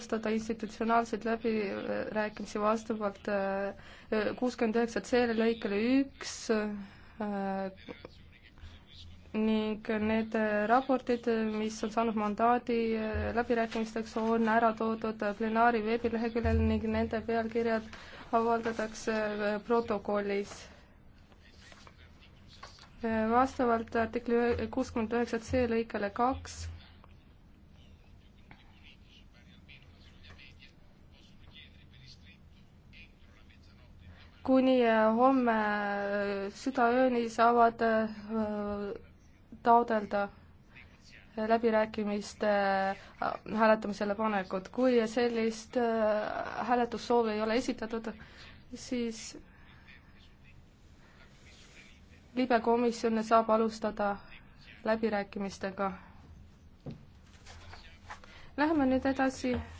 alustada institutsionaalseid läbirääkimisi vastavalt äh, kuuskümmend üheksa C lõikele üks äh, ning need raportid, mis on saanud mandaadi äh, läbirääkimisteks, on ära toodud plenaari veebileheküljel ning nende pealkirjad avaldatakse protokollis. vastavalt artikli kuuskümmend üheksa C lõikele kaks kuni äh, homme äh, südaööni saavad äh, taodelda läbirääkimiste hääletamisele panekut. kui sellist hääletussoovi ei ole esitatud, siis libekomisjon saab alustada läbirääkimistega. Läheme nüüd edasi